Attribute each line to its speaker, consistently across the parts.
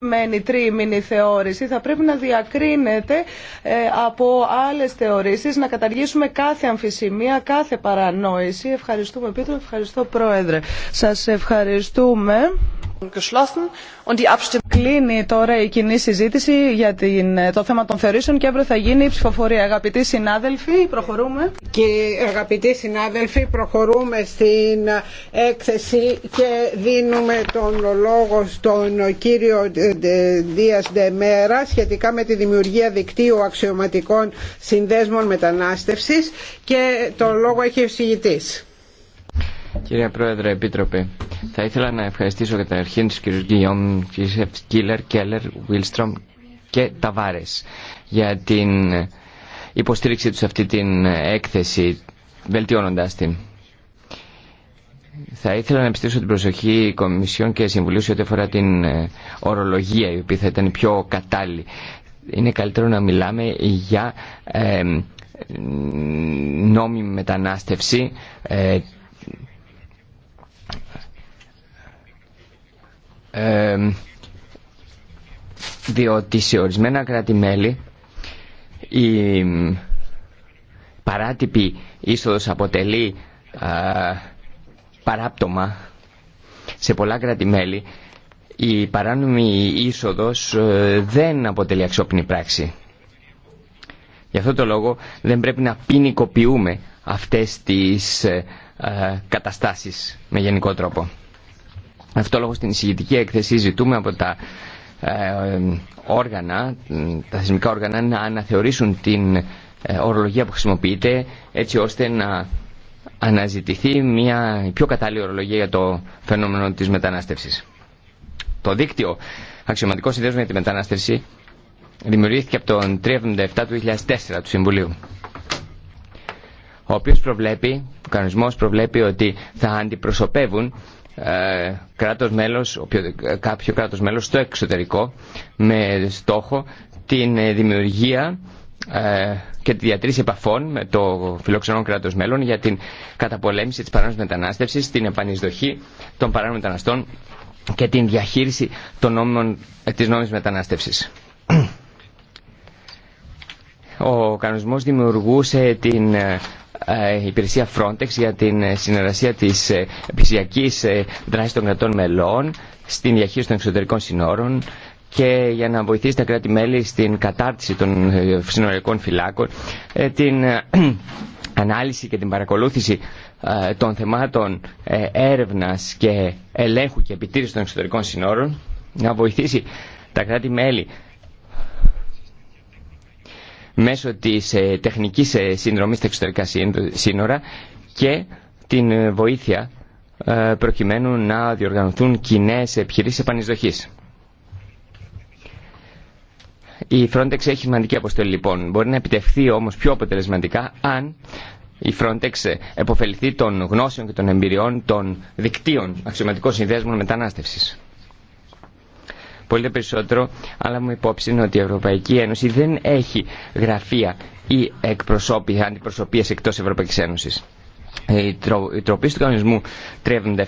Speaker 1: μένει τρίμηνη θεώρηση θα πρέπει να διακρίνεται ε, από άλλες θεωρήσεις, να καταργήσουμε κάθε αμφισημία, κάθε παρανόηση. Ευχαριστούμε Πίτρο, ευχαριστώ Πρόεδρε. Σας ευχαριστούμε. Κλείνει τώρα η κοινή συζήτηση για το θέμα των θεωρήσεων και αύριο θα γίνει η ψηφοφορία. Αγαπητοί συνάδελφοι, προχωρούμε. Και αγαπητοί συνάδελφοι, προχωρούμε στην έκθεση και δίνουμε τον λόγο στον κύριο Δίας Ντεμέρα σχετικά με τη δημιουργία δικτύου αξιωματικών συνδέσμων μετανάστευσης και τον λόγο έχει ο
Speaker 2: Κύριε Πρόεδρε, Επίτροπε, θα ήθελα να ευχαριστήσω καταρχήν τους κύριους Γκυλιόμ, Κίλερ, Κέλλερ, Βίλστρομ και Ταβάρες για την υποστήριξη τους αυτή την έκθεση, βελτιώνοντας την. Θα ήθελα να επιστήσω την προσοχή Κομισιών και Συμβουλίου σε ό,τι αφορά την ε, ορολογία, η οποία θα ήταν πιο κατάλληλη. Είναι καλύτερο να μιλάμε για ε, νόμιμη μετανάστευση, ε, διότι σε ορισμένα κράτη-μέλη η παράτυπη είσοδος αποτελεί παράπτωμα. Σε πολλά κράτη-μέλη η παράνομη είσοδος ε, δεν αποτελεί αξιόπινη πράξη. Γι' αυτό το λόγο δεν πρέπει να ποινικοποιούμε αυτές τις ε, ε, καταστάσεις με γενικό τρόπο αυτό λόγο στην εισηγητική έκθεση ζητούμε από τα ε, όργανα, τα θεσμικά όργανα να αναθεωρήσουν την ε, ορολογία που χρησιμοποιείται έτσι ώστε να αναζητηθεί μια πιο κατάλληλη ορολογία για το φαινόμενο της μετανάστευσης. Το δίκτυο αξιωματικό συνδέσμο για τη μετανάστευση δημιουργήθηκε από τον 377 του 2004 του Συμβουλίου ο οποίος προβλέπει, ο κανονισμός προβλέπει ότι θα αντιπροσωπεύουν ε, κράτος μέλος, ε, κάποιο κράτος μέλος στο εξωτερικό με στόχο την ε, δημιουργία και τη διατήρηση επαφών με το φιλοξενό κράτος μέλων για την καταπολέμηση της παράνομης μετανάστευσης, την επανεισδοχή των παράνομων μεταναστών και την διαχείριση των νόμων, της νόμιμης μετανάστευσης. Ο κανονισμός δημιουργούσε την η ε, υπηρεσία Frontex για την ε, συνεργασία της ε, επιχειρησιακής δράσης των κρατών μελών στην διαχείριση των εξωτερικών συνόρων και για να βοηθήσει τα κράτη-μέλη στην κατάρτιση των συνοριακών φυλάκων, την ανάλυση και την παρακολούθηση των θεμάτων έρευνας και ελέγχου και επιτήρησης των εξωτερικών συνόρων, να βοηθήσει τα κράτη-μέλη μέσω της ε, τεχνικής ε, συνδρομής στα εξωτερικά σύνορα και την ε, βοήθεια προκειμένου να διοργανωθούν κοινέ επιχειρήσεις επανεισδοχής. Η Frontex έχει σημαντική αποστολή λοιπόν. Μπορεί να επιτευχθεί όμως πιο αποτελεσματικά αν η Frontex επωφεληθεί των γνώσεων και των εμπειριών των δικτύων αξιωματικών συνδέσμων μετανάστευσης πολύ περισσότερο, αλλά μου υπόψη είναι ότι η Ευρωπαϊκή Ένωση δεν έχει γραφεία ή εκπροσώπη, αντιπροσωπείες εκτός Ευρωπαϊκής Ένωσης. Ε, η τροπή του κανονισμού 377-2004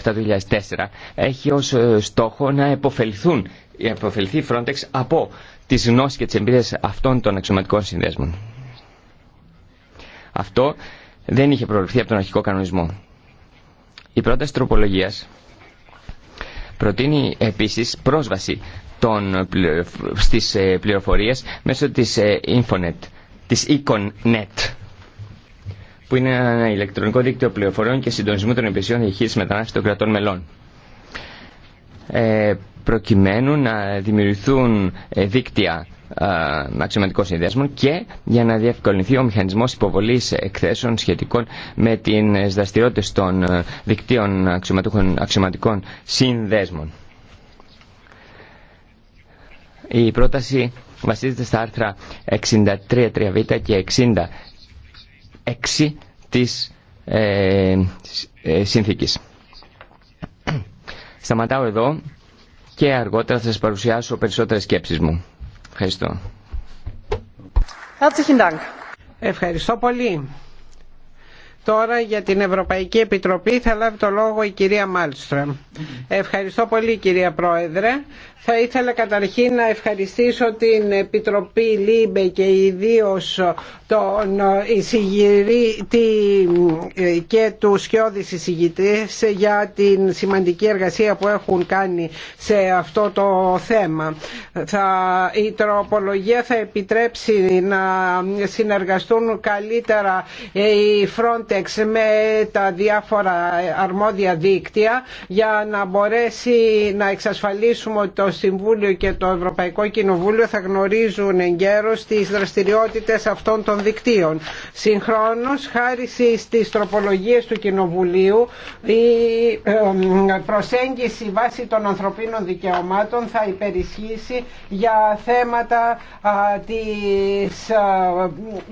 Speaker 2: έχει ως ε, στόχο να επωφεληθούν, επωφεληθεί η Frontex από τις γνώσεις και τις εμπειρίες αυτών των εξωματικών συνδέσμων. Αυτό δεν είχε προβληθεί από τον αρχικό κανονισμό. Η πρόταση τροπολογίας προτείνει επίσης πρόσβαση των, ε, στις ε, πληροφορίες μέσω της ε, Infonet, της Econet που είναι ένα ηλεκτρονικό δίκτυο πληροφοριών και συντονισμού των υπηρεσιών διαχείρισης μετανάστευσης των κρατών μελών. Ε, προκειμένου να δημιουργηθούν δίκτυα αξιωματικών συνδέσμων και για να διευκολυνθεί ο μηχανισμός υποβολής εκθέσεων σχετικών με τις δραστηριότητες των δικτύων αξιωματικών συνδέσμων. Η πρόταση βασίζεται στα άρθρα 63-3β και 66 ε, της ε, συνθήκης. Σταματάω εδώ και αργότερα θα σας παρουσιάσω περισσότερες σκέψεις μου. Ευχαριστώ.
Speaker 1: Ευχαριστώ πολύ. Τώρα για την Ευρωπαϊκή Επιτροπή θα λάβει το λόγο η κυρία Μάλστρεμ. Ευχαριστώ πολύ κυρία Πρόεδρε. Θα ήθελα καταρχήν να ευχαριστήσω την Επιτροπή Λίμπε και ιδίω τον εισηγητή και του σκιώδη εισηγητή για την σημαντική εργασία που έχουν κάνει σε αυτό το θέμα. Θα, η τροπολογία θα επιτρέψει να συνεργαστούν καλύτερα οι Front με τα διάφορα αρμόδια δίκτυα για να μπορέσει να εξασφαλίσουμε ότι το Συμβούλιο και το Ευρωπαϊκό Κοινοβούλιο θα γνωρίζουν εγκαίρως τι δραστηριότητες αυτών των δικτύων. Συγχρόνως, χάρη στις τροπολογίε του Κοινοβουλίου, η προσέγγιση βάσει των ανθρωπίνων δικαιωμάτων θα υπερισχύσει για θέματα τη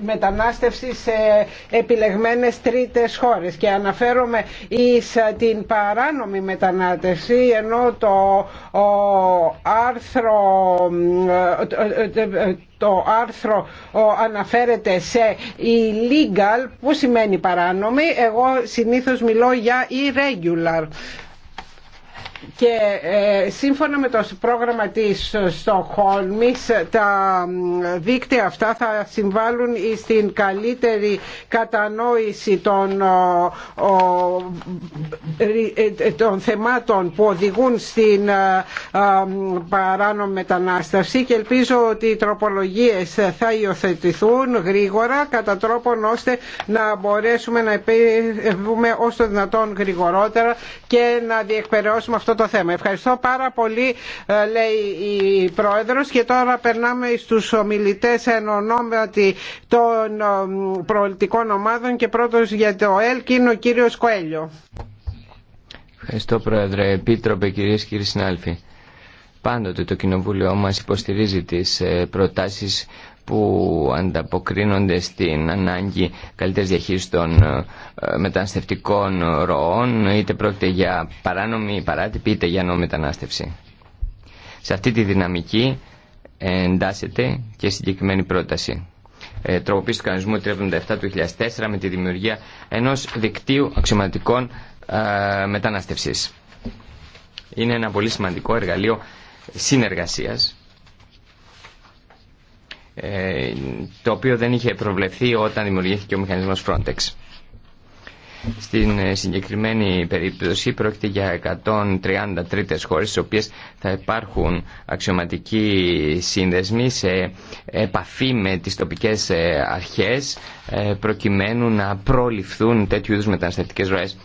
Speaker 1: μετανάστευση σε επιλεγμένες τρίτες χώρες και αναφέρομαι εις ε, την παράνομη μετανάτευση ενώ το άρθρο ε, ε, το άρθρο αναφέρεται σε illegal που σημαίνει παράνομη εγώ συνήθως μιλώ για irregular και ε, σύμφωνα με το πρόγραμμα της Στοχόλμης τα δίκτυα αυτά θα συμβάλλουν στην καλύτερη κατανόηση των, ε, ε, θεμάτων που οδηγούν στην παράνομη μετανάστευση και ελπίζω ότι οι τροπολογίες θα υιοθετηθούν γρήγορα κατά τρόπον ώστε να μπορέσουμε να επέβουμε όσο δυνατόν γρηγορότερα και να διεκπαιρεώσουμε αυτό αυτό το θέμα. Ευχαριστώ πάρα πολύ ε, λέει η Πρόεδρος και τώρα περνάμε στους ομιλητέ εν ονόματι των ε, προελτικών ομάδων και πρώτος για το ΕΛΚ είναι ο κύριος Κοέλιο.
Speaker 2: Ευχαριστώ Πρόεδρε, Επίτροπε κυρίε και κύριοι συνάλφοι. Πάντοτε το Κοινοβούλιο μας υποστηρίζει τις ε, προτάσεις που ανταποκρίνονται στην ανάγκη καλύτερης διαχείριση των ε, μεταναστευτικών ροών, είτε πρόκειται για παράνομη παράτυπη, είτε για νόμιμη Σε αυτή τη δυναμική εντάσσεται και συγκεκριμένη πρόταση. Ε, τροποποίηση του κανονισμού 37 του 2004 με τη δημιουργία ενός δικτύου αξιωματικών ε, μετανάστευσης. Είναι ένα πολύ σημαντικό εργαλείο συνεργασίας ε, το οποίο δεν είχε προβλεφθεί όταν δημιουργήθηκε ο μηχανισμός Frontex. Στην ε, συγκεκριμένη περίπτωση πρόκειται για 130 τρίτες χώρες στις οποίες θα υπάρχουν αξιωματικοί σύνδεσμοι σε επαφή με τις τοπικές ε, αρχές προκειμένου να προληφθούν τέτοιου είδους μεταναστευτικές ροές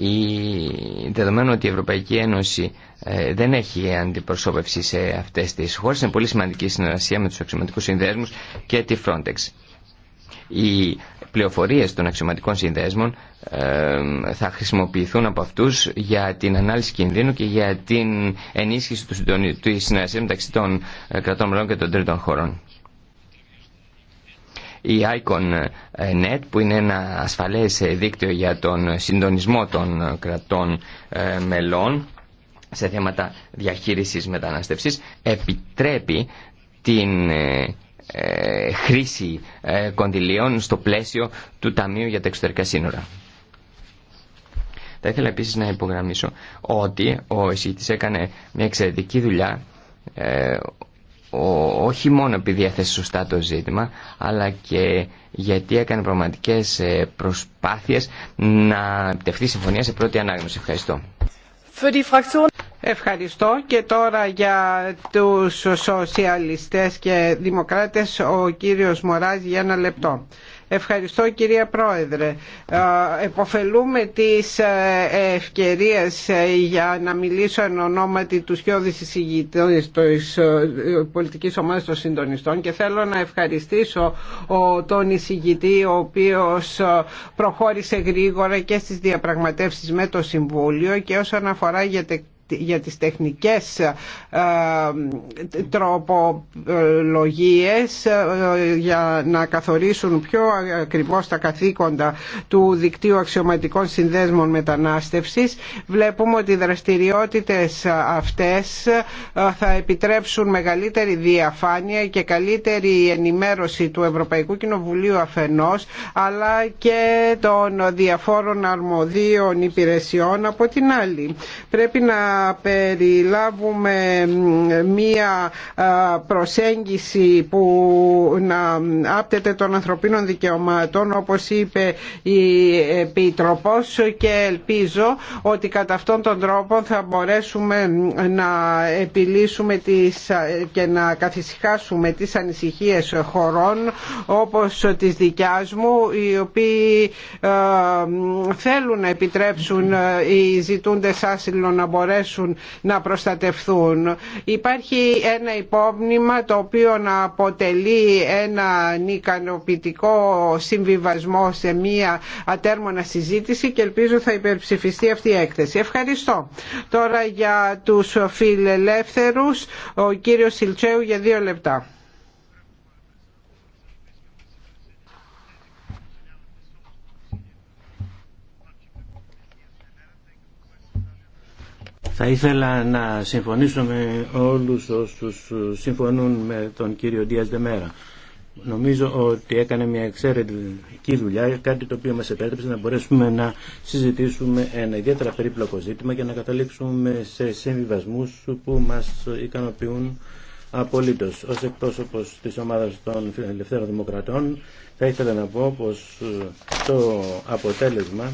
Speaker 2: η, δεδομένου ότι η Ευρωπαϊκή Ένωση ε, δεν έχει αντιπροσώπευση σε αυτές τις χώρες, είναι πολύ σημαντική συνεργασία με τους αξιωματικούς συνδέσμους και τη Frontex. Οι πληροφορίες των αξιωματικών συνδέσμων ε, θα χρησιμοποιηθούν από αυτούς για την ανάλυση κινδύνου και για την ενίσχυση του, της συνεργασίας μεταξύ των ε, κρατών μελών και των τρίτων χωρών η ICON.net ε, που είναι ένα ασφαλές ε, δίκτυο για τον συντονισμό των κρατών ε, μελών σε θέματα διαχείρισης μεταναστευσής επιτρέπει την χρήση κονδυλίων στο πλαίσιο του Ταμείου για τα Εξωτερικά Σύνορα. Θα ήθελα επίσης να υπογραμμίσω ότι ο εισηγητής έκανε μια εξαιρετική δουλειά όχι μόνο επειδή έθεσε σωστά το ζήτημα, αλλά και γιατί έκανε πραγματικές ε, προσπάθειες να επιτευχθεί συμφωνία σε πρώτη ανάγνωση. Ευχαριστώ.
Speaker 1: Ευχαριστώ και τώρα για τους σοσιαλιστές και δημοκράτες ο κύριος Μωράζ για ένα λεπτό. Ευχαριστώ κυρία Πρόεδρε. Εποφελούμε τις ε, ευκαιρίες ε, για να μιλήσω εν ονόματι του σιώδης εισηγητών της ε, πολιτικής ομάδας των συντονιστών και θέλω να ευχαριστήσω τον εισηγητή ο οποίος προχώρησε γρήγορα και στις διαπραγματεύσεις με το Συμβούλιο και όσον αφορά για για τις τεχνικές ε, τροπολογίες ε, για να καθορίσουν πιο ακριβώς τα καθήκοντα του δικτύου αξιωματικών συνδέσμων μετανάστευσης. Βλέπουμε ότι οι δραστηριότητες αυτές ε, θα επιτρέψουν μεγαλύτερη διαφάνεια και καλύτερη ενημέρωση του Ευρωπαϊκού Κοινοβουλίου αφενός αλλά και των διαφόρων αρμοδίων υπηρεσιών από την άλλη. Πρέπει να περιλάβουμε μία προσέγγιση που να άπτεται των ανθρωπίνων δικαιωμάτων όπως είπε η Επίτροπος και ελπίζω ότι κατά αυτόν τον τρόπο θα μπορέσουμε να επιλύσουμε τις, και να καθησυχάσουμε τις ανησυχίες χωρών όπως της δικιάς μου οι οποίοι θέλουν να επιτρέψουν οι ζητούντες άσυλο να μπορέσουν να προστατευθούν. Υπάρχει ένα υπόμνημα το οποίο να αποτελεί ένα ικανοποιητικό συμβιβασμό σε μία ατέρμονα συζήτηση και ελπίζω θα υπερψηφιστεί αυτή η έκθεση. Ευχαριστώ. Τώρα για τους φιλελεύθερους, ο κύριος Σιλτσέου για δύο λεπτά.
Speaker 3: Θα ήθελα να συμφωνήσω με όλους όσους συμφωνούν με τον κύριο Ντίας Δεμέρα. Νομίζω ότι έκανε μια εξαιρετική δουλειά, κάτι το οποίο μας επέτρεψε να μπορέσουμε να συζητήσουμε ένα ιδιαίτερα περίπλοκο ζήτημα και να καταλήξουμε σε συμβιβασμούς που μας ικανοποιούν απολύτως. Ως εκπρόσωπος της ομάδας των Ελευθέρων Δημοκρατών θα ήθελα να πω πως το αποτέλεσμα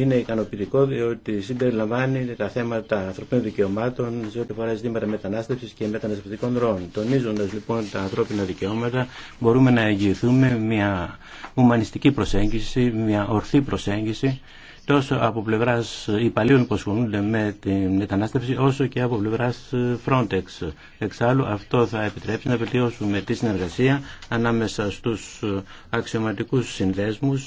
Speaker 3: είναι ικανοποιητικό διότι συμπεριλαμβάνει τα θέματα ανθρωπίνων δικαιωμάτων σε ό,τι αφορά ζητήματα μετανάστευση και μεταναστευτικών ροών. Τονίζοντα λοιπόν τα ανθρώπινα δικαιώματα, μπορούμε να εγγυηθούμε μια ουμανιστική προσέγγιση, μια ορθή προσέγγιση τόσο από πλευρά υπαλλήλων που ασχολούνται με τη μετανάστευση, όσο και από πλευρά Frontex. Εξάλλου, αυτό θα επιτρέψει να βελτιώσουμε τη συνεργασία ανάμεσα στου αξιωματικού συνδέσμου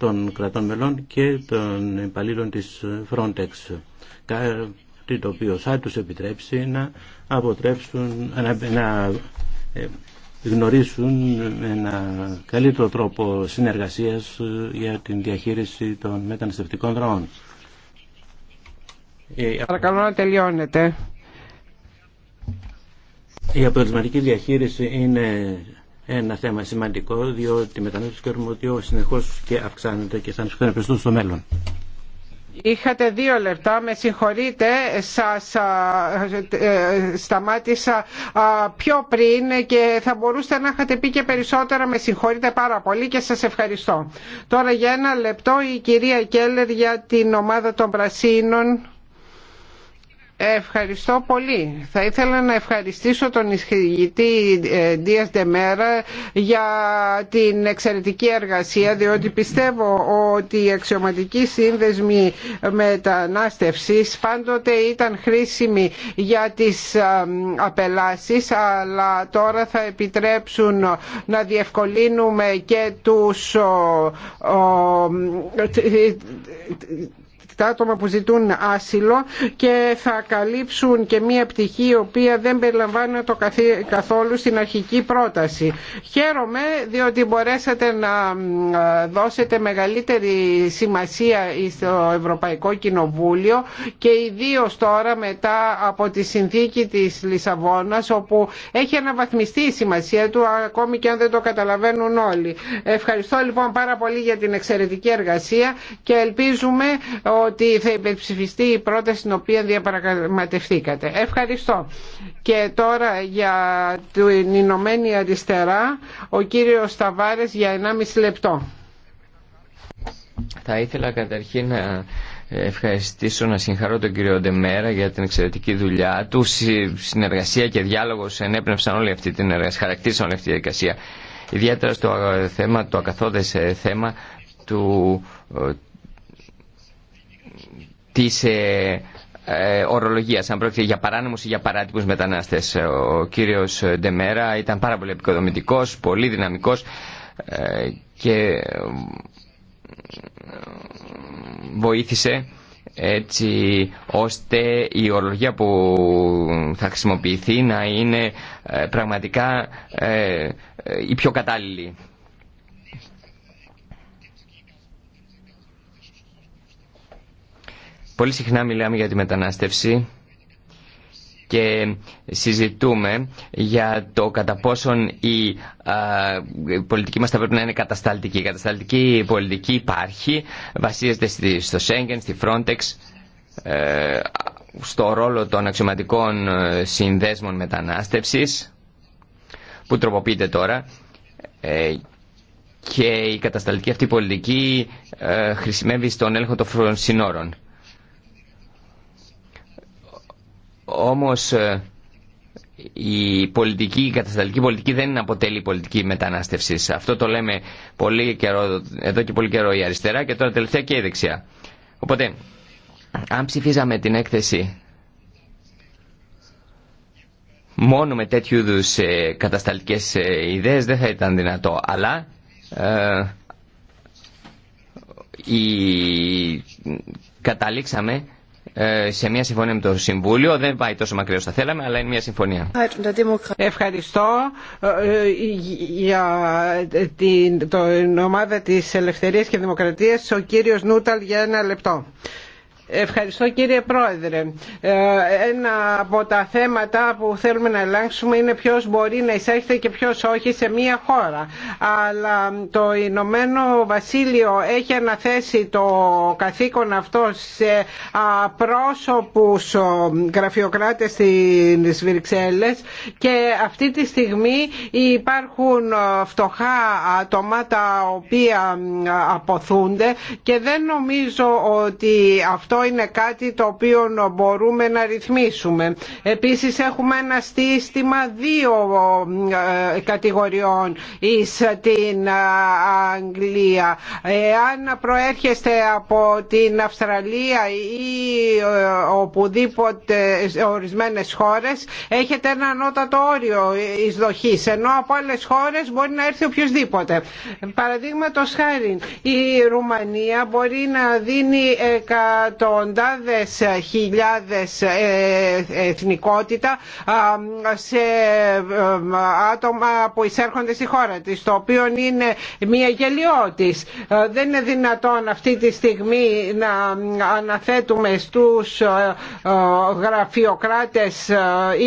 Speaker 3: των κρατών μελών και των υπαλλήλων της Frontex. Κάτι το οποίο θα τους επιτρέψει να αποτρέψουν, να, να ε, γνωρίσουν ένα καλύτερο τρόπο συνεργασίας ε, για την διαχείριση των μεταναστευτικών δρόμων. Ε,
Speaker 1: Παρακαλώ να τελειώνετε.
Speaker 3: Η αποτελεσματική διαχείριση είναι ένα θέμα σημαντικό διότι η και θεωρούμε ότι συνεχώς και αυξάνεται και θα ανασκοπευτούν στο μέλλον.
Speaker 1: Είχατε δύο λεπτά, με συγχωρείτε, σας ε, σταμάτησα πιο πριν και θα μπορούσατε να είχατε πει και περισσότερα, με συγχωρείτε πάρα πολύ και σας ευχαριστώ. Τώρα για ένα λεπτό η κυρία Κέλλερ για την ομάδα των Πρασίνων. Ευχαριστώ πολύ. Θα ήθελα να ευχαριστήσω τον εισηγητή ε, Δίας Ντεμέρα για την εξαιρετική εργασία διότι πιστεύω ότι η αξιωματικοί σύνδεσμοι μετανάστευσης πάντοτε ήταν χρήσιμη για τις ε, απελάσεις αλλά τώρα θα επιτρέψουν να διευκολύνουμε και τους τα άτομα που ζητούν άσυλο και θα καλύψουν και μία πτυχή η οποία δεν περιλαμβάνει το καθόλου στην αρχική πρόταση. Χαίρομαι διότι μπορέσατε να δώσετε μεγαλύτερη σημασία στο Ευρωπαϊκό Κοινοβούλιο και ιδίω τώρα μετά από τη συνθήκη της Λισαβόνας όπου έχει αναβαθμιστεί η σημασία του ακόμη και αν δεν το καταλαβαίνουν όλοι. Ευχαριστώ λοιπόν πάρα πολύ για την εξαιρετική εργασία και ελπίζουμε ότι θα υπερψηφιστεί η πρόταση την οποία διαπραγματευθήκατε. Ευχαριστώ. Και τώρα για την Ηνωμένη Αριστερά, ο κύριος Σταβάρες για 1,5 λεπτό.
Speaker 2: Θα ήθελα καταρχήν να ευχαριστήσω, να συγχαρώ τον κύριο Ντεμέρα για την εξαιρετική δουλειά του. Συνεργασία και διάλογος ενέπνευσαν όλη αυτή την εργασία, χαρακτήρισαν όλη αυτή τη διαδικασία. Ιδιαίτερα στο θέμα, το ακαθόδες ε, θέμα του ε, Τη ε, ε αν πρόκειται για παράνομους ή για παράτυπους μετανάστες. Ο κύριος Ντεμέρα ήταν πάρα πολύ επικοδομητικό, πολύ δυναμικός ε, και ε, βοήθησε έτσι ώστε η ορολογία που θα χρησιμοποιηθεί να είναι πραγματικά η πιο κατάλληλη. Πολύ συχνά μιλάμε για τη μετανάστευση και συζητούμε για το κατά πόσον η, πολιτική μας θα πρέπει να είναι κατασταλτική. Η κατασταλτική πολιτική υπάρχει, βασίζεται στο Σέγγεν, στη Frontex, ε, στο ρόλο των αξιωματικών ε, συνδέσμων μετανάστευσης που τροποποιείται τώρα ε, και η κατασταλτική αυτή πολιτική ε, χρησιμεύει στον έλεγχο των συνόρων. Όμως ε, η πολιτική, η κατασταλτική πολιτική δεν αποτελεί πολιτική μετανάστευση. Αυτό το λέμε πολύ καιρό, εδώ και πολύ καιρό η αριστερά και τώρα τελευταία και η δεξιά. Οπότε, αν ψηφίζαμε την έκθεση μόνο με τέτοιου είδου ε, κατασταλτικέ ε, ιδέε δεν θα ήταν δυνατό. Αλλά ε, η, καταλήξαμε ε, σε μια συμφωνία με το Συμβούλιο. Δεν πάει τόσο μακριά όσο θα θέλαμε, αλλά είναι μια συμφωνία.
Speaker 1: Ευχαριστώ ε, ε, για την, ομάδα της Ελευθερίας και Δημοκρατίας, ο κύριος Νούταλ για ένα λεπτό. Ευχαριστώ κύριε Πρόεδρε. Ε, ένα από τα θέματα που θέλουμε να ελέγξουμε είναι ποιος μπορεί να εισέρχεται και ποιος όχι σε μία χώρα. Αλλά το Ηνωμένο Βασίλειο έχει αναθέσει το καθήκον αυτό σε πρόσωπους γραφειοκράτες στις Βρυξέλλες και αυτή τη στιγμή υπάρχουν ε, φτωχά άτομα τα οποία ε, αποθούνται και δεν νομίζω ότι αυτό είναι κάτι το οποίο μπορούμε να ρυθμίσουμε. Επίσης έχουμε ένα σύστημα δύο ε, κατηγοριών εις την ε, Αγγλία. Αν προέρχεστε από την Αυστραλία ή ε, οπουδήποτε ορισμένες χώρες έχετε ένα ανώτατο όριο εισδοχής ενώ από άλλες χώρες μπορεί να έρθει οποιοδήποτε. Παραδείγματο χάρη η Ρουμανία μπορεί να δίνει εκατοντάδες χιλιάδες ε, εθνικότητα σε ε, άτομα που εισέρχονται στη χώρα της το οποίο είναι μια γελιότης ε, δεν είναι δυνατόν αυτή τη στιγμή να αναθέτουμε στους γραφειοκράτες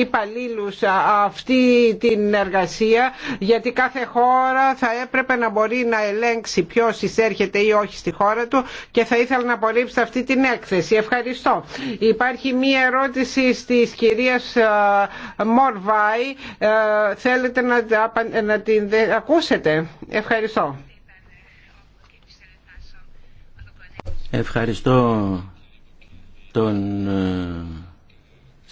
Speaker 1: παλίλους αυτή την εργασία γιατί κάθε χώρα θα έπρεπε να μπορεί να ελέγξει ποιος εισέρχεται ή όχι στη χώρα του και θα ήθελα να απορρίψει αυτή την έκθεση Ευχαριστώ. Υπάρχει μία ερώτηση της κυρίας ε, Μόρβαη. Ε, θέλετε να την ακούσετε. Ευχαριστώ.
Speaker 3: Ευχαριστώ τον ε,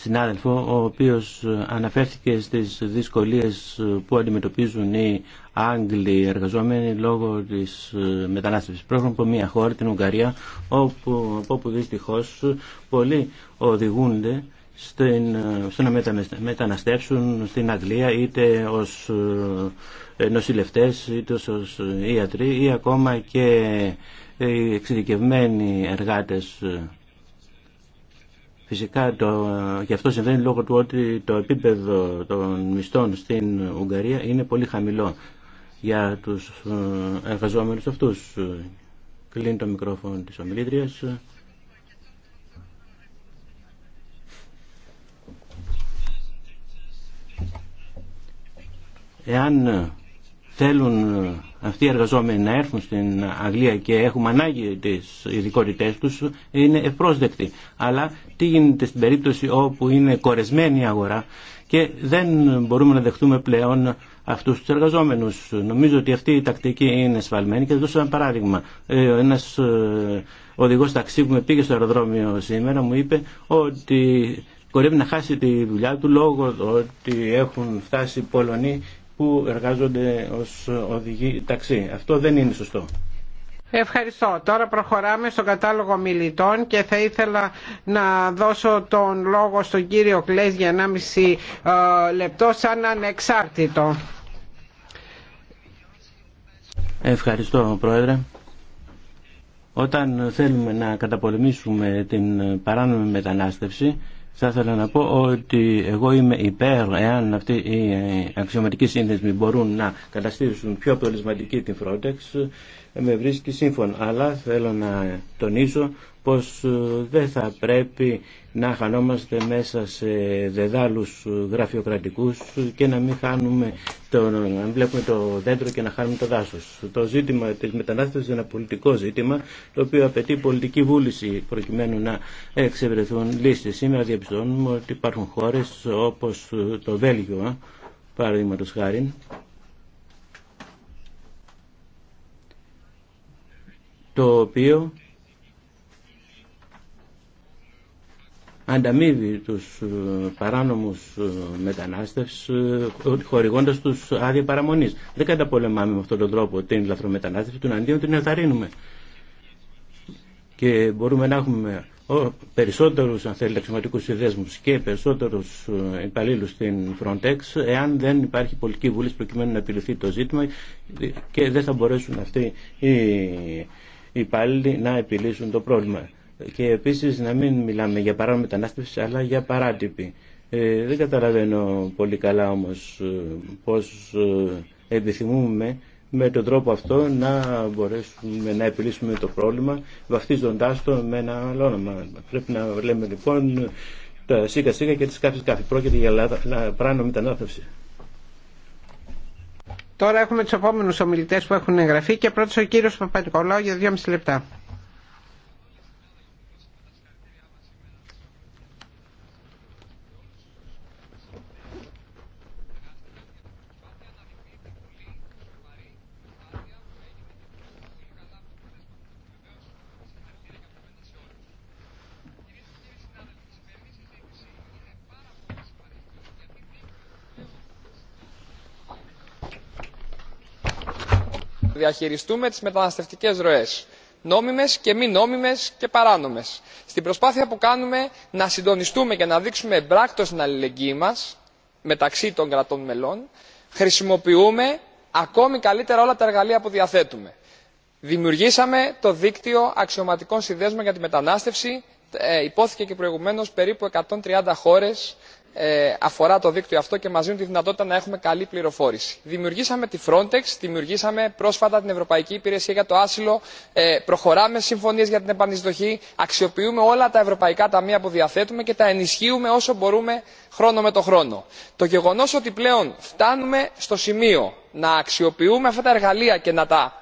Speaker 3: συνάδελφο ο οποίος αναφέρθηκε στις δυσκολίες που αντιμετωπίζουν οι Άγγλοι εργαζόμενοι λόγω της μετανάστευσης. Πρόκειται από μια χώρα, την Ουγγαρία, όπου, από όπου δυστυχώς πολλοί οδηγούνται στην, στο να μεταναστεύσουν στην Αγγλία είτε ως ε, νοσηλευτές είτε ως ιατροί ή ακόμα και εξειδικευμένοι εργάτες ε, Φυσικά το, και αυτό συμβαίνει λόγω του ότι το επίπεδο των μισθών στην Ουγγαρία είναι πολύ χαμηλό για τους ε, εργαζόμενους αυτούς. Κλείνει το μικρόφωνο της ομιλήτριας. Εάν θέλουν αυτοί οι εργαζόμενοι να έρθουν στην Αγγλία και έχουν ανάγκη τις ειδικότητές τους, είναι ευπρόσδεκτοι. Αλλά τι γίνεται στην περίπτωση όπου είναι κορεσμένη η αγορά και δεν μπορούμε να δεχτούμε πλέον αυτούς τους εργαζόμενους. Νομίζω ότι αυτή η τακτική είναι σφαλμένη και θα δώσω ένα παράδειγμα. Ε, ένας ε, οδηγός ταξί που με πήγε στο αεροδρόμιο σήμερα μου είπε ότι κορεύει να χάσει τη δουλειά του λόγω ότι έχουν φτάσει Πολωνοί που εργάζονται ως οδηγοί ταξί. Αυτό δεν είναι σωστό.
Speaker 1: Ευχαριστώ. Τώρα προχωράμε στο κατάλογο μιλητών και θα ήθελα να δώσω τον λόγο στον κύριο Κλέης για 1,5 ε, λεπτό σαν ανεξάρτητο.
Speaker 3: Ευχαριστώ Πρόεδρε. Όταν θέλουμε να καταπολεμήσουμε την παράνομη μετανάστευση θα ήθελα να πω ότι εγώ είμαι υπέρ εάν αυτοί οι αξιωματικοί σύνδεσμοι μπορούν να καταστήσουν πιο αποτελεσματική την Frontex με βρίσκει σύμφωνο. Αλλά θέλω να τονίσω πως ε, δεν θα πρέπει να χανόμαστε μέσα σε δεδάλους γραφειοκρατικούς και να μην χάνουμε το, να βλέπουμε το δέντρο και να χάνουμε το δάσος. Το ζήτημα της μετανάστευσης είναι ένα πολιτικό ζήτημα το οποίο απαιτεί πολιτική βούληση προκειμένου να εξευρεθούν λύσεις. Σήμερα διαπιστώνουμε ότι υπάρχουν χώρες όπως το Βέλγιο, ε, παραδείγματο χάρη, το οποίο ανταμείβει τους ε, παράνομους ε, μετανάστες ε, χορηγώντας τους άδεια παραμονής. Δεν καταπολεμάμε με αυτόν τον τρόπο την λαθρομετανάστευση, του αντίον την ενθαρρύνουμε. Και μπορούμε να έχουμε περισσότερους αν θέλετε αξιωματικούς συνδέσμους και περισσότερους υπαλλήλου στην Frontex εάν δεν υπάρχει πολιτική βούληση προκειμένου να επιληθεί το ζήτημα και δεν θα μπορέσουν αυτοί οι υπάλληλοι να επιλύσουν το πρόβλημα και επίσης να μην μιλάμε για παράνομη μετανάστευση αλλά για παράτυπη. Ε, δεν καταλαβαίνω πολύ καλά όμως ε, πώς ε, επιθυμούμε με τον τρόπο αυτό να μπορέσουμε να επιλύσουμε το πρόβλημα βαφτίζοντάς το με ένα άλλο όνομα. Πρέπει να λέμε λοιπόν τα σίγα σίκα και τις κάποιες κάθε πρόκειται για παράνομη μετανάστευση. Τώρα
Speaker 1: έχουμε τους επόμενους ομιλητές που έχουν εγγραφεί και πρώτος ο κυριος Παπαδικολάου για δύο μισή λεπτά.
Speaker 4: διαχειριστούμε τις μεταναστευτικές ροές νόμιμες και μη νόμιμες και παράνομες. στην προσπάθεια που κάνουμε να συντονιστούμε και να δείξουμε εμπράκτως την αλληλεγγύη μας μεταξύ των κρατών μελών χρησιμοποιούμε ακόμη καλύτερα όλα τα εργαλεία που διαθέτουμε. δημιουργήσαμε το δίκτυο αξιωματικών συνδέσμων για τη μετανάστευση ε, υπόθηκε και προηγουμένως περίπου 130 χώρες ε, αφορά το δίκτυο αυτό και μας δίνουν τη δυνατότητα να έχουμε καλή πληροφόρηση. Δημιουργήσαμε τη Frontex, δημιουργήσαμε πρόσφατα την Ευρωπαϊκή Υπηρεσία για το Άσυλο, ε, προχωράμε συμφωνίες για την επανεισδοχή, αξιοποιούμε όλα τα ευρωπαϊκά ταμεία που διαθέτουμε και τα ενισχύουμε όσο μπορούμε χρόνο με το χρόνο. Το γεγονός ότι πλέον φτάνουμε στο σημείο να αξιοποιούμε αυτά τα εργαλεία και να τα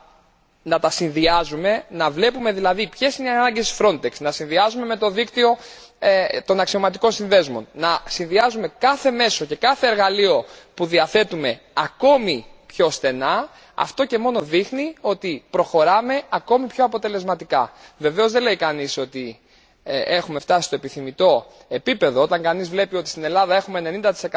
Speaker 4: να τα συνδυάζουμε, να βλέπουμε δηλαδή ποιες είναι οι ανάγκες Frontex, να συνδυάζουμε με το δίκτυο ε, των αξιωματικών συνδέσμων. να συνδυάζουμε κάθε μέσο και κάθε εργαλείο που διαθέτουμε ακόμη πιο στενά αυτό και μόνο δείχνει ότι προχωράμε ακόμη πιο αποτελεσματικά. βεβαίω δεν λέει κανεί ότι ε, έχουμε φτάσει στο επιθυμητό επίπεδο όταν κανείς βλέπει ότι στην ελλάδα έχουμε 90%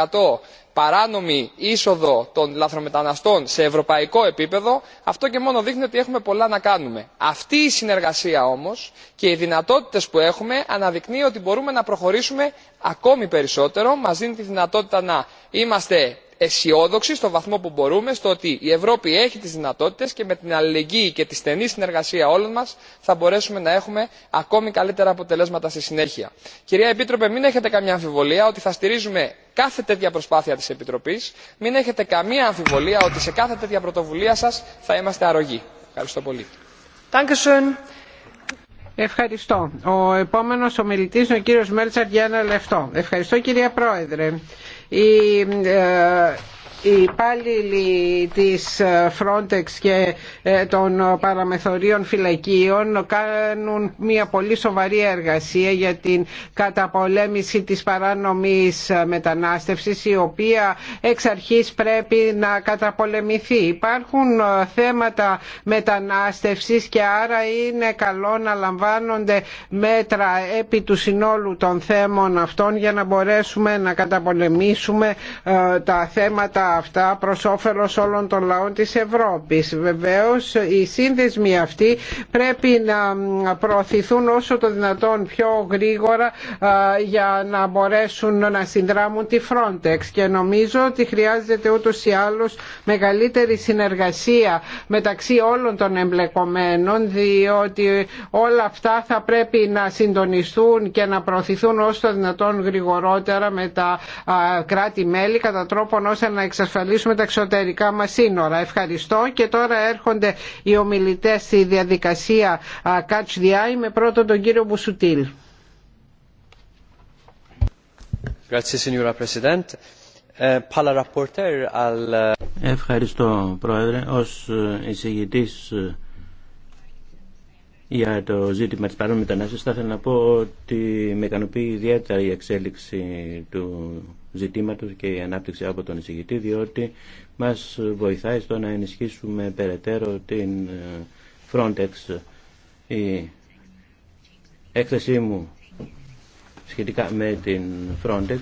Speaker 4: παράνομη είσοδο των λαθρομεταναστών σε ευρωπαϊκό επίπεδο αυτό και μόνο δείχνει ότι έχουμε πολλά να κάνουμε. αυτή η συνεργασία όμως και οι δυνατότητες που έχουμε αναδεικνύει ότι μπορούμε να προχωρήσουμε ακόμη περισσότερο Μα δίνει τη δυνατότητα να είμαστε αισιόδοξοι στο βαθμό που μπορούμε στο ότι η ευρώπη έχει τις δυνατότητες και με την αλληλεγγύη και τη στενή συνεργασία όλων μας θα μπορέσουμε να έχουμε ακόμη καλύτερα αποτελέσματα στη συνέχεια. κυρία επίτροπε μην έχετε καμία αμφιβολία ότι θα στηρίζουμε κάθε τέτοια προσπάθεια της επιτροπής μην έχετε καμία αμφιβολία ότι σε κάθε τέτοια πρωτοβουλία σας θα είμαστε αρρωγοί. ευχαριστώ πολύ.
Speaker 1: Ευχαριστώ. Ο επόμενος είναι ο κύριος για ένα λεπτό. Ευχαριστώ κυρία Πρόεδρε η ε, οι υπάλληλοι της Frontex και ε, των παραμεθορίων φυλακίων κάνουν μια πολύ σοβαρή εργασία για την καταπολέμηση της παράνομης μετανάστευσης η οποία εξ αρχής πρέπει να καταπολεμηθεί. Υπάρχουν ε, θέματα μετανάστευσης και άρα είναι καλό να λαμβάνονται μέτρα επί του συνόλου των θέμων αυτών για να μπορέσουμε να καταπολεμήσουμε ε, τα θέματα αυτά προς όφελος όλων των λαών της Ευρώπης. Βεβαίως οι σύνδεσμοι αυτοί πρέπει να προωθηθούν όσο το δυνατόν πιο γρήγορα για να μπορέσουν να συνδράμουν τη Frontex και νομίζω ότι χρειάζεται ούτως ή άλλως μεγαλύτερη συνεργασία μεταξύ όλων των εμπλεκομένων διότι όλα αυτά θα πρέπει να συντονιστούν και να προωθηθούν όσο το δυνατόν γρηγορότερα με τα κράτη-μέλη κατά τρόπον ώστε να εξασφαλίσουμε τα εξωτερικά μας σύνορα.
Speaker 3: Ευχαριστώ
Speaker 1: και τώρα έρχονται οι ομιλητές στη διαδικασία Catch the Eye με πρώτον τον κύριο Μπουσουτήλ.
Speaker 3: Ε, ε, Ευχαριστώ Πρόεδρε. Ως ε, εισηγητής για το ζήτημα της παρόμοιας μετανάστευσης θα ήθελα να πω ότι με ικανοποιεί ιδιαίτερα η εξέλιξη του ζητήματος και η ανάπτυξη από τον εισηγητή διότι μας βοηθάει στο να ενισχύσουμε περαιτέρω την ε, Frontex. Η έκθεσή μου σχετικά με την Frontex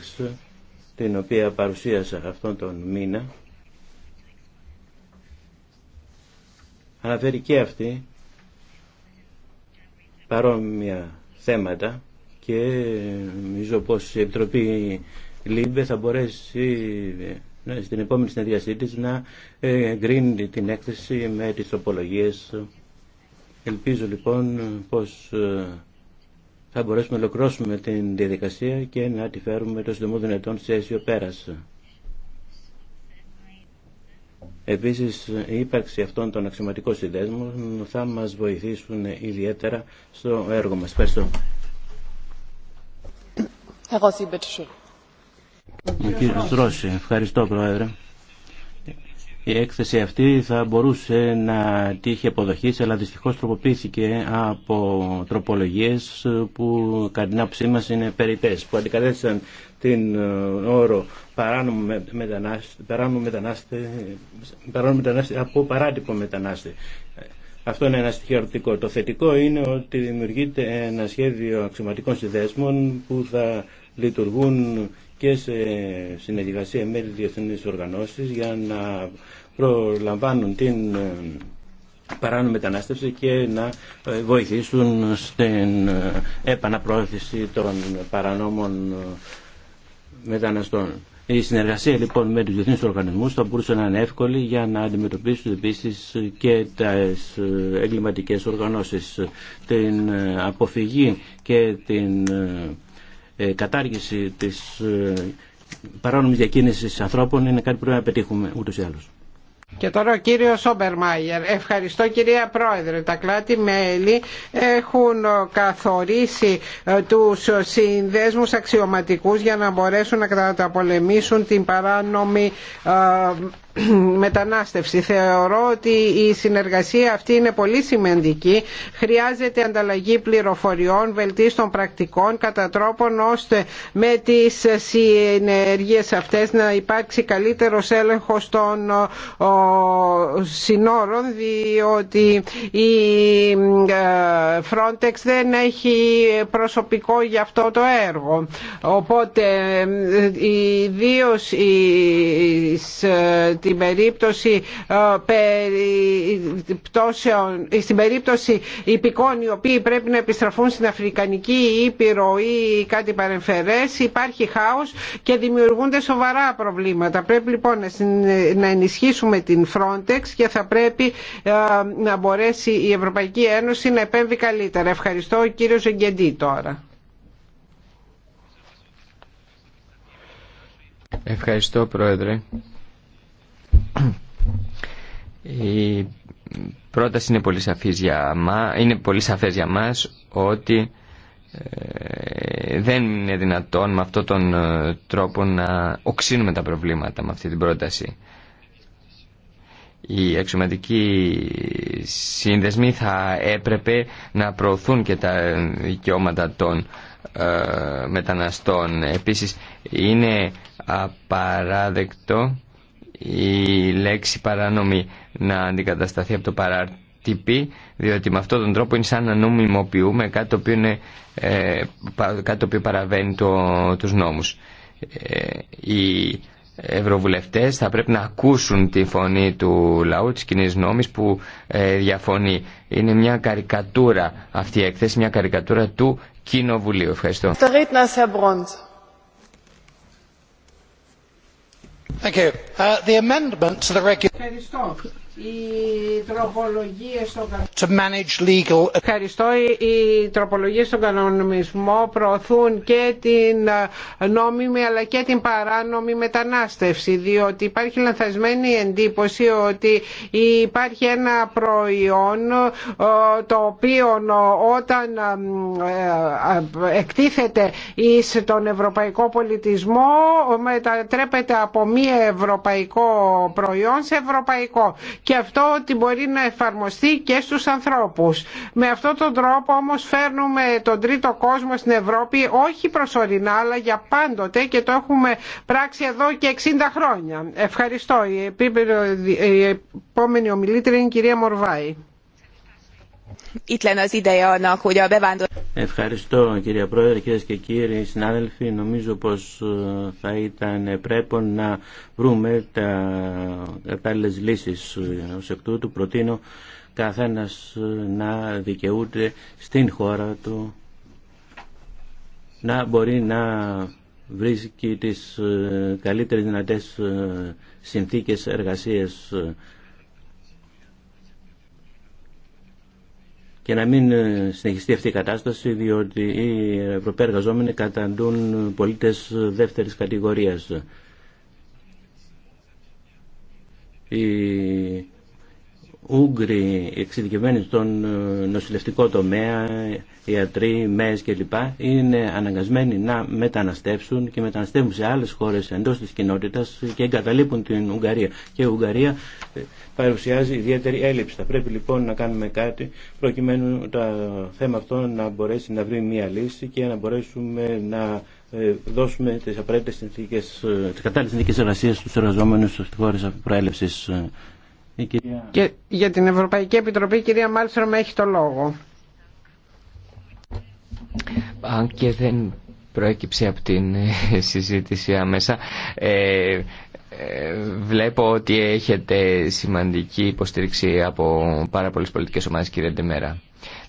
Speaker 3: την οποία παρουσίασα αυτόν τον μήνα αναφέρει και αυτή παρόμοια θέματα και νομίζω πως η Επιτροπή ΛΥΜΠΕ θα μπορέσει ναι, στην επόμενη συνεδριασή της να ε, εγκρίνει την έκθεση με τις τροπολογίες. Ελπίζω λοιπόν πως ε, θα μπορέσουμε να ολοκληρώσουμε την διαδικασία και να τη φέρουμε το συντομό δυνατόν σε αίσιο πέρα. Επίσης, η ύπαρξη αυτών των αξιωματικών συνδέσμων θα μας βοηθήσουν ιδιαίτερα στο έργο μας. Ευχαριστώ. Ο κύριος Ρώση, ευχαριστώ Πρόεδρε. Η έκθεση αυτή θα μπορούσε να τύχει αποδοχής, αλλά δυστυχώς τροποποιήθηκε από τροπολογίες που κατά την άποψή μας είναι περιττές, που αντικατέστησαν την ε, όρο παράνομο μετανάστη, παράνομο μετανάστη, μετανάστη από παράτυπο μετανάστη. Αυτό είναι ένα στοιχείο Το θετικό είναι ότι δημιουργείται ένα σχέδιο αξιωματικών συνδέσμων που θα λειτουργούν και σε συνεργασία με διεθνείς οργανώσεις για να προλαμβάνουν την ε, παράνομη μετανάστευση και να ε, βοηθήσουν στην επαναπρόθεση των παρανόμων μεταναστών. Η συνεργασία λοιπόν με τους διεθνείς οργανισμούς θα μπορούσε να είναι εύκολη για να αντιμετωπίσουν επίσης και τις ε, εγκληματικές οργανώσεις, την ε, αποφυγή και την ε, κατάργηση της παράνομης διακίνησης ανθρώπων είναι κάτι που πρέπει να πετύχουμε ούτως ή άλλως.
Speaker 1: Και τώρα ο κύριος Όμπερμαϊερ. Ευχαριστώ κυρία Πρόεδρε. Τα κράτη-μέλη έχουν καθορίσει ε, του συνδέσμους αξιωματικού για να μπορέσουν να καταπολεμήσουν την παράνομη ε, μετανάστευση. Θεωρώ ότι η συνεργασία αυτή είναι πολύ σημαντική. Χρειάζεται ανταλλαγή πληροφοριών, βελτίστων πρακτικών κατά τρόπον ώστε με τις συνεργίες αυτές να υπάρξει καλύτερος έλεγχος των συνόρων διότι η ε, Frontex δεν έχει προσωπικό για αυτό το έργο. Οπότε ε, ιδίως ε, περίπτωση ε, πτώσεων, στην περίπτωση υπηκών οι οποίοι πρέπει να επιστραφούν στην Αφρικανική Ήπειρο ή κάτι παρεμφερές υπάρχει χάος και δημιουργούνται σοβαρά προβλήματα. Πρέπει λοιπόν να ενισχύσουμε την Frontex και θα πρέπει ε, να μπορέσει η Ευρωπαϊκή Ένωση να επέμβει καλύτερα. Ευχαριστώ ο κύριος τώρα.
Speaker 2: Ευχαριστώ Πρόεδρε. Η πρόταση είναι πολύ σαφής για, μα... είναι μας ότι ε, δεν είναι δυνατόν με αυτόν τον ε, τρόπο να οξύνουμε τα προβλήματα με αυτή την πρόταση. Οι εξωματικοί σύνδεσμοι θα έπρεπε να προωθούν και τα δικαιώματα των ε, μεταναστών. Επίσης είναι απαράδεκτο η λέξη παράνομη να αντικατασταθεί από το παράτυπη, διότι με αυτόν τον τρόπο είναι σαν να νομιμοποιούμε κάτι το οποίο, ε, κάτι παραβαίνει το, τους νόμους. Ε, οι ευρωβουλευτές θα πρέπει να ακούσουν τη φωνή του λαού της κοινή νόμης που ε, διαφωνεί. Είναι μια καρικατούρα αυτή η έκθεση, μια καρικατούρα του Κοινοβουλίου. Ευχαριστώ.
Speaker 1: Uh, Ευχαριστώ οι στον Ευχαριστώ. Οι στον κανονισμό προωθούν και την ε, νόμιμη αλλά και την παράνομη μετανάστευση διότι υπάρχει λανθασμένη εντύπωση ότι υπάρχει ένα προϊόν ε, το οποίο ε, όταν εκτίθεται ει τον ευρωπαϊκό πολιτισμό μετατρέπεται από μη ευρωπαϊκό προϊόν σε ευρωπαϊκό και αυτό ότι μπορεί να εφαρμοστεί και στους ανθρώπους. Με αυτόν τον τρόπο όμως φέρνουμε τον τρίτο κόσμο στην Ευρώπη όχι προσωρινά αλλά για πάντοτε και το έχουμε πράξει εδώ και 60 χρόνια. Ευχαριστώ. Η επόμενη ομιλήτρια είναι η κυρία Μορβάη.
Speaker 3: Ευχαριστώ κύριε Πρόεδρε, κυρίες και κύριοι συνάδελφοι. Νομίζω πως ε, θα ήταν πρέπει να βρούμε τα κατάλληλες λύσεις. Ως εκ τούτου προτείνω καθένας ε, να δικαιούται στην χώρα του να μπορεί να βρίσκει τις ε, καλύτερες δυνατές συνθήκες εργασίας και να μην ε, συνεχιστεί αυτή η κατάσταση διότι οι Ευρωπαίοι εργαζόμενοι καταντούν πολίτες δεύτερης κατηγορίας. Οι Ούγγροι εξειδικευμένοι στον ε, νοσηλευτικό τομέα, ιατροί, μέες κλπ. είναι αναγκασμένοι να μεταναστεύσουν και μεταναστεύουν σε άλλες χώρες εντός της κοινότητας και εγκαταλείπουν την Ουγγαρία. Και η Ουγγαρία ε, παρουσιάζει ιδιαίτερη έλλειψη. Θα πρέπει λοιπόν να κάνουμε κάτι προκειμένου το θέμα αυτό να μπορέσει να βρει μια λύση και να μπορέσουμε να ε, δώσουμε τις απαραίτητες συνθήκες, ε, τις κατάλληλες συνθήκες εργασίας στους εργαζόμενους στις χώρες προέλευσης. Ε,
Speaker 1: και για την Ευρωπαϊκή Επιτροπή η κυρία Μάλστρομ έχει το λόγο.
Speaker 2: Αν και δεν προέκυψε από την συζήτηση άμεσα, ε, βλέπω ότι έχετε σημαντική υποστήριξη από πάρα πολλές πολιτικές ομάδες κύριε Ντεμέρα.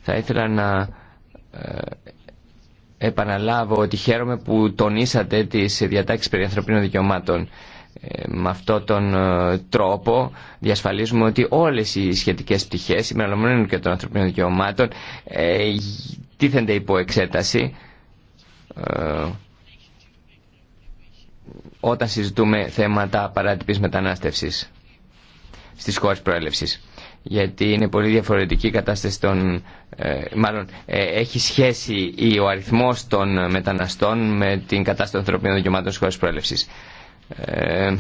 Speaker 2: Θα ήθελα να ε, επαναλάβω ότι χαίρομαι που τονίσατε τις διατάξεις περί ανθρωπίνων δικαιωμάτων. Ε, με αυτόν τον ε, τρόπο διασφαλίζουμε ότι όλες οι σχετικές πτυχές, ημερολαμβάνουν και των ανθρωπίνων δικαιωμάτων, τίθενται υπό εξέταση όταν συζητούμε θέματα παράτυπης μετανάστευσης στις χώρες προέλευσης. Γιατί είναι πολύ διαφορετική η κατάσταση των... Ε, μάλλον ε, έχει σχέση ή ο αριθμός των μεταναστών με την κατάσταση των ανθρωπίνων δικαιωμάτων στις χώρες προέλευσης. Ε,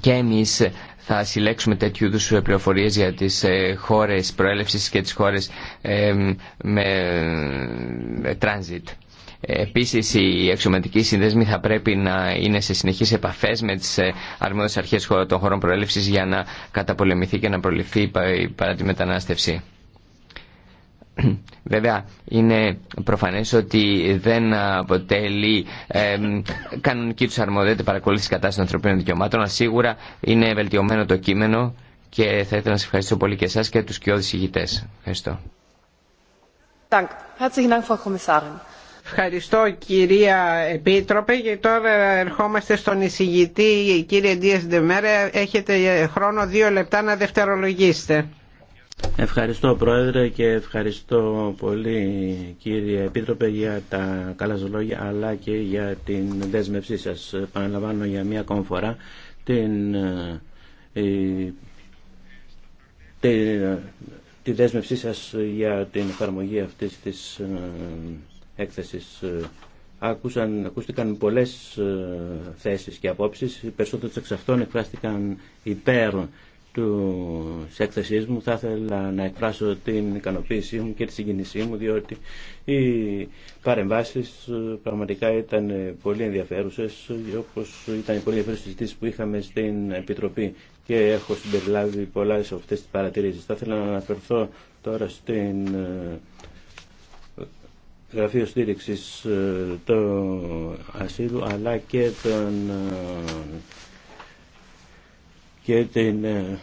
Speaker 2: και εμείς θα συλλέξουμε τέτοιου είδους πληροφορίες για τις χώρες προέλευσης και τις χώρες με τράνζιτ. Επίση, οι εξωματικοί συνδέσμοι θα πρέπει να είναι σε συνεχείς επαφέ με τις ε, αρμόδιε αρχές των χωρών προέλευση για να καταπολεμηθεί και να προληφθεί η παράτη μετανάστευση. Βέβαια, είναι προφανές ότι δεν αποτελεί κανονική του αρμοδιότητα παρακολούθηση κατάσταση των ανθρωπίνων δικαιωμάτων, αλλά σίγουρα είναι βελτιωμένο το κείμενο και θα ήθελα να σας ευχαριστήσω πολύ και εσάς και τους κοιόδης ηγητές. Ευχαριστώ.
Speaker 1: Dank. Ευχαριστώ κυρία Επίτροπε και τώρα ερχόμαστε στον εισηγητή κύριε Ντίας Ντεμέρε. Έχετε χρόνο δύο λεπτά να δευτερολογήσετε.
Speaker 3: Ευχαριστώ Πρόεδρε και ευχαριστώ πολύ κύριε Επίτροπε για τα καλά λόγια αλλά και για την δέσμευσή σας. Παναλαμβάνω για μία ακόμα φορά την, ε, τη, τη δέσμευσή σας για την εφαρμογή αυτής της ε, έκθεσης. Ε, άκουσαν, ακούστηκαν πολλές ε, θέσεις και απόψεις. Οι περισσότερες εξ αυτών εκφράστηκαν υπέρ του έκθεσή μου. Θα ήθελα να εκφράσω την ικανοποίησή μου και τη συγκινησή μου, διότι οι παρεμβάσεις ε, πραγματικά ήταν πολύ ενδιαφέρουσες, όπως ήταν πολύ ενδιαφέρουσες συζητήσεις που είχαμε στην Επιτροπή και έχω συμπεριλάβει πολλά σε αυτές τις παρατηρήσεις. Θα ήθελα να αναφερθώ τώρα στην Γραφείο στήριξη ε, του Ασύλου αλλά και, τον, ε, και την, ε,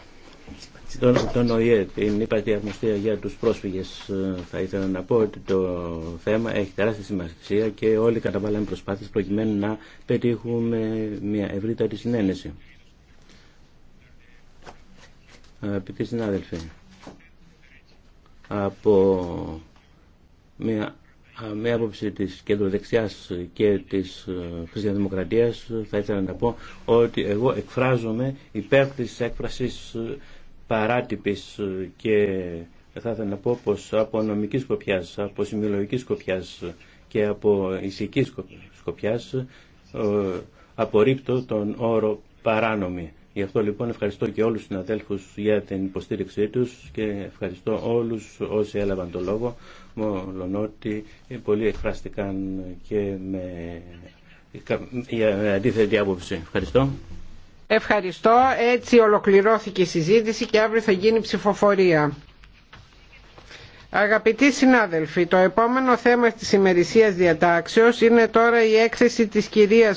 Speaker 3: τον, τον ΟΗΕ, την ύπατη αρμοστία για τους πρόσφυγες. Θα ήθελα να πω ότι το θέμα έχει τεράστια σημασία και όλοι καταβάλαμε προσπάθειες προκειμένου να πετύχουμε μια ευρύτερη συνένεση. Αγαπητοί συνάδελφοι, από μια με άποψη της κεντροδεξιάς και της ε, χριστιανοδημοκρατίας θα ήθελα να πω ότι εγώ εκφράζομαι υπέρ της έκφρασης ε, παράτυπης ε, και θα ήθελα να πω πως από νομικής σκοπιά, από σημειολογικής σκοπιά και από ισικής σκοπιά απορρίπτω τον όρο παράνομη. Γι' αυτό λοιπόν ευχαριστώ και όλους τους συναδέλφους για την υποστήριξή τους και ευχαριστώ όλους όσοι έλαβαν το λόγο μολονότι ε, πολλοί εκφράστηκαν και με, ε, ε, αντίθετη άποψη. Ευχαριστώ.
Speaker 1: Ευχαριστώ. Έτσι ολοκληρώθηκε η συζήτηση και αύριο θα γίνει ψηφοφορία. Αγαπητοί συνάδελφοι, το επόμενο θέμα της ημερησίας διατάξεως είναι τώρα η έκθεση της κυρίας